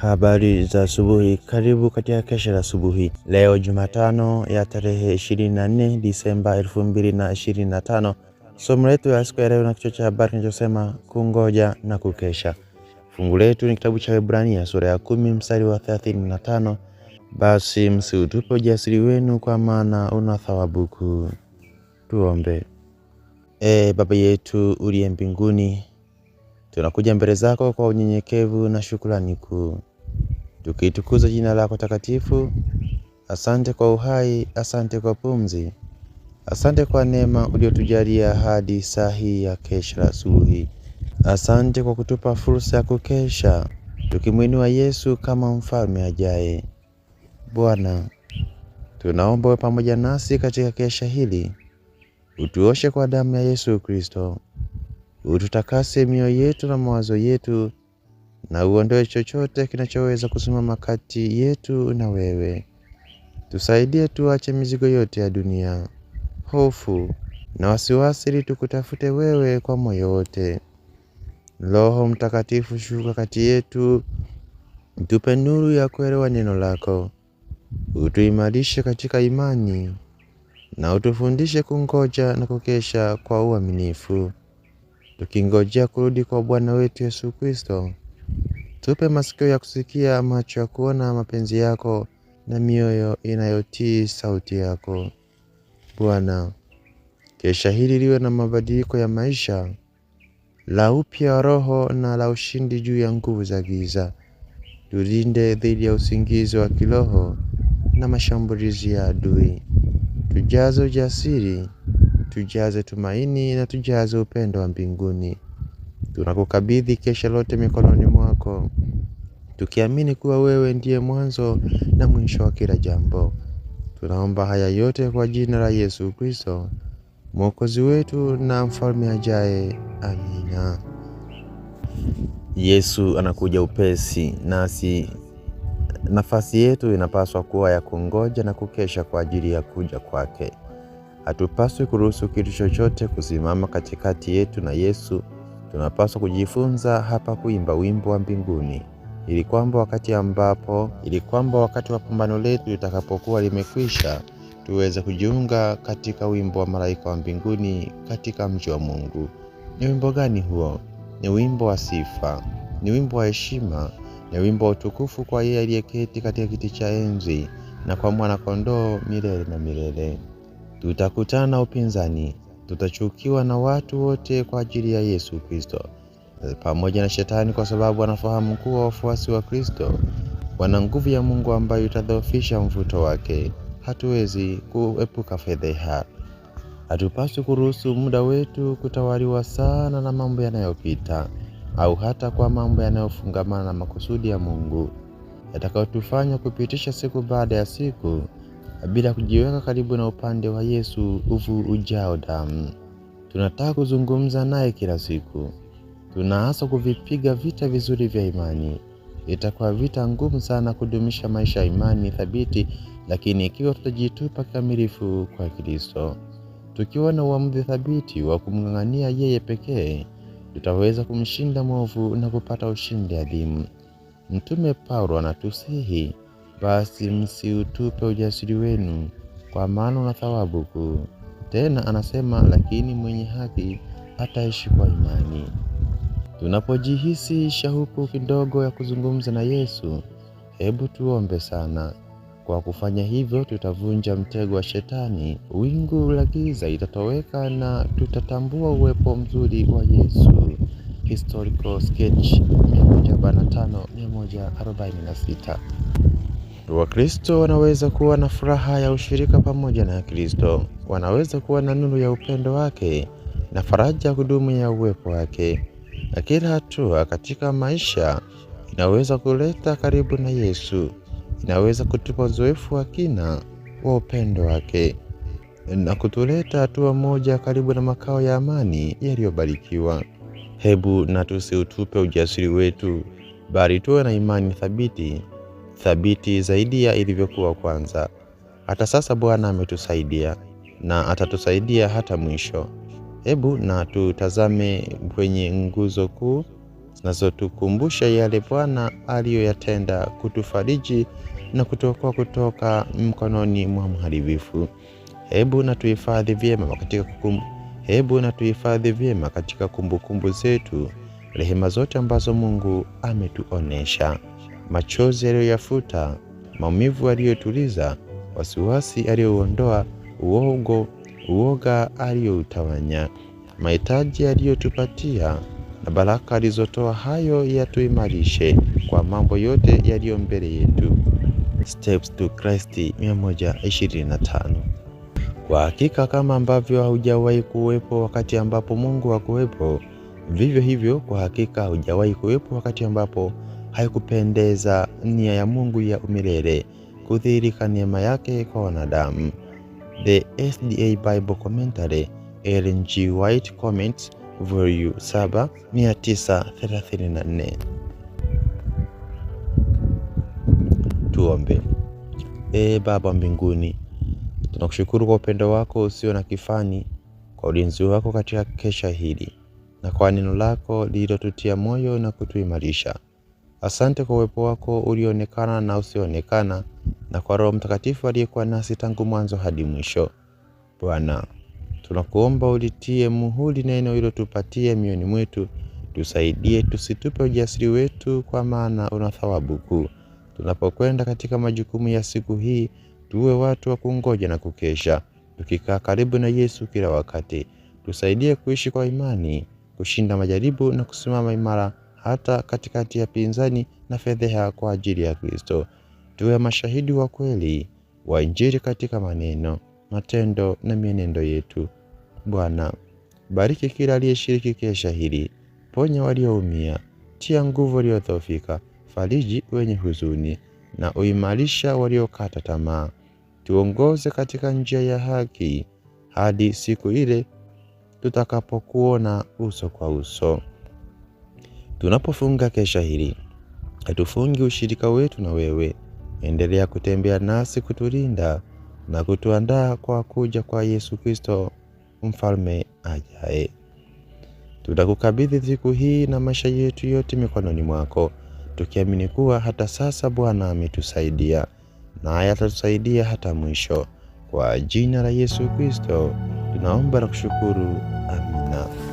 Habari za asubuhi, karibu katika kesha la asubuhi. Leo Jumatano ya tarehe 24 Disemba 2025, somo letu ya siku ya leo na kichwa cha habari kinachosema kungoja na kukesha. Fungu letu ni kitabu cha Waebrania sura ya kumi mstari wa 35, basi msiutupe ujasiri wenu, kwa maana una thawabu kuu. Tuombe. E Baba yetu uliye mbinguni, tunakuja mbele zako kwa unyenyekevu na shukrani kuu tukitukuza jina lako takatifu. Asante kwa uhai, asante kwa pumzi, asante kwa neema uliotujalia hadi saa hii ya kesha asubuhi. Asante kwa kutupa fursa ya kukesha tukimwinua Yesu kama mfalme ajaye. Bwana, tunaomba uwe pamoja nasi katika kesha hili, utuoshe kwa damu ya Yesu Kristo, ututakase mioyo yetu na mawazo yetu na uondoe chochote kinachoweza kusimama kati yetu na wewe. Tusaidie tuache mizigo yote ya dunia, hofu na wasiwasi, ili tukutafute wewe kwa moyo wote. Roho Mtakatifu, shuka kati yetu, tupe nuru ya kuelewa neno lako, utuimarishe katika imani na utufundishe kungoja na kukesha kwa uaminifu, tukingojea kurudi kwa Bwana wetu Yesu Kristo. Tupe masikio ya kusikia, macho ya kuona mapenzi yako, na mioyo inayotii sauti yako. Bwana, kesha hili liwe na mabadiliko ya maisha, la upya wa roho na la ushindi juu ya nguvu za giza. Tulinde dhidi ya usingizi wa kiroho na mashambulizi ya adui. Tujaze ujasiri, tujaze tumaini na tujaze upendo wa mbinguni. Tunakukabidhi kesha lote mikononi mwako, tukiamini kuwa wewe ndiye mwanzo na mwisho wa kila jambo. Tunaomba haya yote kwa jina la Yesu Kristo, Mwokozi wetu na mfalme ajaye. Amina. Yesu anakuja upesi, nasi nafasi yetu inapaswa kuwa ya kungoja na kukesha kwa ajili ya kuja kwake. Hatupaswi kuruhusu kitu chochote kusimama katikati yetu na Yesu Tunapaswa kujifunza hapa kuimba wimbo wa mbinguni ili kwamba wakati ambapo ili kwamba wakati wa pambano letu litakapokuwa limekwisha tuweze kujiunga katika wimbo wa malaika wa mbinguni katika mji wa Mungu. Ni wimbo gani huo? Ni wimbo wa sifa, ni wimbo wa heshima, ni wimbo wa utukufu kwa yeye aliyeketi katika kiti cha enzi na kwa mwana kondoo milele na milele. Tutakutana upinzani tutachukiwa na watu wote kwa ajili ya Yesu Kristo pamoja na Shetani, kwa sababu anafahamu kuwa wafuasi wa Kristo wana nguvu ya Mungu ambayo itadhoofisha mvuto wake. Hatuwezi kuepuka fedheha. Hatupaswi kuruhusu muda wetu kutawaliwa sana na mambo yanayopita au hata kwa mambo yanayofungamana na makusudi ya Mungu yatakayotufanya kupitisha siku baada ya siku bila kujiweka karibu na upande wa Yesu uvu ujao damu. Tunataka kuzungumza naye kila siku. Tunaaswa kuvipiga vita vizuri vya imani. Itakuwa vita ngumu sana kudumisha maisha ya imani thabiti, lakini ikiwa tutajitupa kikamilifu kwa Kristo, tukiwa na uamuzi thabiti wa kumng'ang'ania yeye pekee, tutaweza kumshinda mwovu na kupata ushindi adhimu. Mtume Paulo anatusihi basi msiutupe ujasiri wenu, kwa maana una thawabu kuu. Tena anasema lakini mwenye haki ataishi kwa imani. Tunapojihisi shauku kidogo ya kuzungumza na Yesu, hebu tuombe sana. Kwa kufanya hivyo, tutavunja mtego wa Shetani, wingu la giza itatoweka, na tutatambua uwepo mzuri wa Yesu. Historical Sketch 145 146 Wakristo wanaweza kuwa na furaha ya ushirika pamoja na Kristo, wanaweza kuwa na nuru ya upendo wake na faraja ya kudumu ya uwepo wake. Na kila hatua katika maisha inaweza kuleta karibu na Yesu, inaweza kutupa uzoefu wa kina wa upendo wake na kutuleta hatua moja karibu na makao ya amani yaliyobarikiwa. Hebu na tusiutupe ujasiri wetu, bali tuwe na imani thabiti thabiti zaidi ya ilivyokuwa kwanza. Hata sasa Bwana ametusaidia na atatusaidia hata mwisho. Hebu na tutazame kwenye nguzo kuu zinazotukumbusha yale Bwana aliyoyatenda kutufariji na kutuokoa kutoka mkononi mwa mharibifu. Hebu na tuhifadhi vyema katika kukumbu, hebu na tuhifadhi vyema katika kumbukumbu kumbu zetu rehema zote ambazo Mungu ametuonesha machozi aliyoyafuta, maumivu aliyotuliza, wasiwasi aliyoondoa, uogo uoga aliyoutawanya, mahitaji aliyotupatia na baraka alizotoa, hayo yatuimarishe kwa mambo yote yaliyo mbele yetu. Steps to Christ 125. Kwa hakika kama ambavyo haujawahi kuwepo wakati ambapo Mungu hakuwepo, vivyo hivyo kwa hakika haujawahi kuwepo wakati ambapo haikupendeza nia ya Mungu ya umilele kudhihirika neema yake kwa wanadamu. The SDA Bible Commentary, Ellen G. White Comments, Volume 7, 934. Tuombe. e Baba mbinguni, tunakushukuru kwa upendo wako usio na kifani, kwa ulinzi wako katika kesha hili, na kwa neno lako lililotutia moyo na kutuimarisha Asante kwa uwepo wako ulioonekana na usioonekana, na kwa Roho Mtakatifu aliyekuwa nasi tangu mwanzo hadi mwisho. Bwana, tunakuomba ulitie muhuri neno hilo, tupatie mioni mwetu, tusaidie tusitupe ujasiri wetu, kwa maana una thawabu kuu. Tunapokwenda katika majukumu ya siku hii, tuwe watu wa kungoja na kukesha, tukikaa karibu na Yesu kila wakati. Tusaidie kuishi kwa imani, kushinda majaribu na kusimama imara hata katikati ya pinzani na fedheha kwa ajili ya Kristo. Tuwe mashahidi wa kweli wa Injili katika maneno, matendo na mienendo yetu. Bwana, bariki kila aliyeshiriki kesha hili, ponya walioumia, tia nguvu waliodhoofika, fariji wenye huzuni na uimarisha waliokata tamaa. Tuongoze katika njia ya haki hadi siku ile tutakapokuona uso kwa uso. Tunapofunga kesha hili, hatufungi ushirika wetu na wewe. Endelea kutembea nasi, kutulinda na kutuandaa kwa kuja kwa Yesu Kristo mfalme ajaye. Tutakukabidhi siku hii na maisha yetu yote mikononi mwako, tukiamini kuwa hata sasa Bwana ametusaidia naye atatusaidia hata mwisho. Kwa jina la Yesu Kristo tunaomba na kushukuru, amina.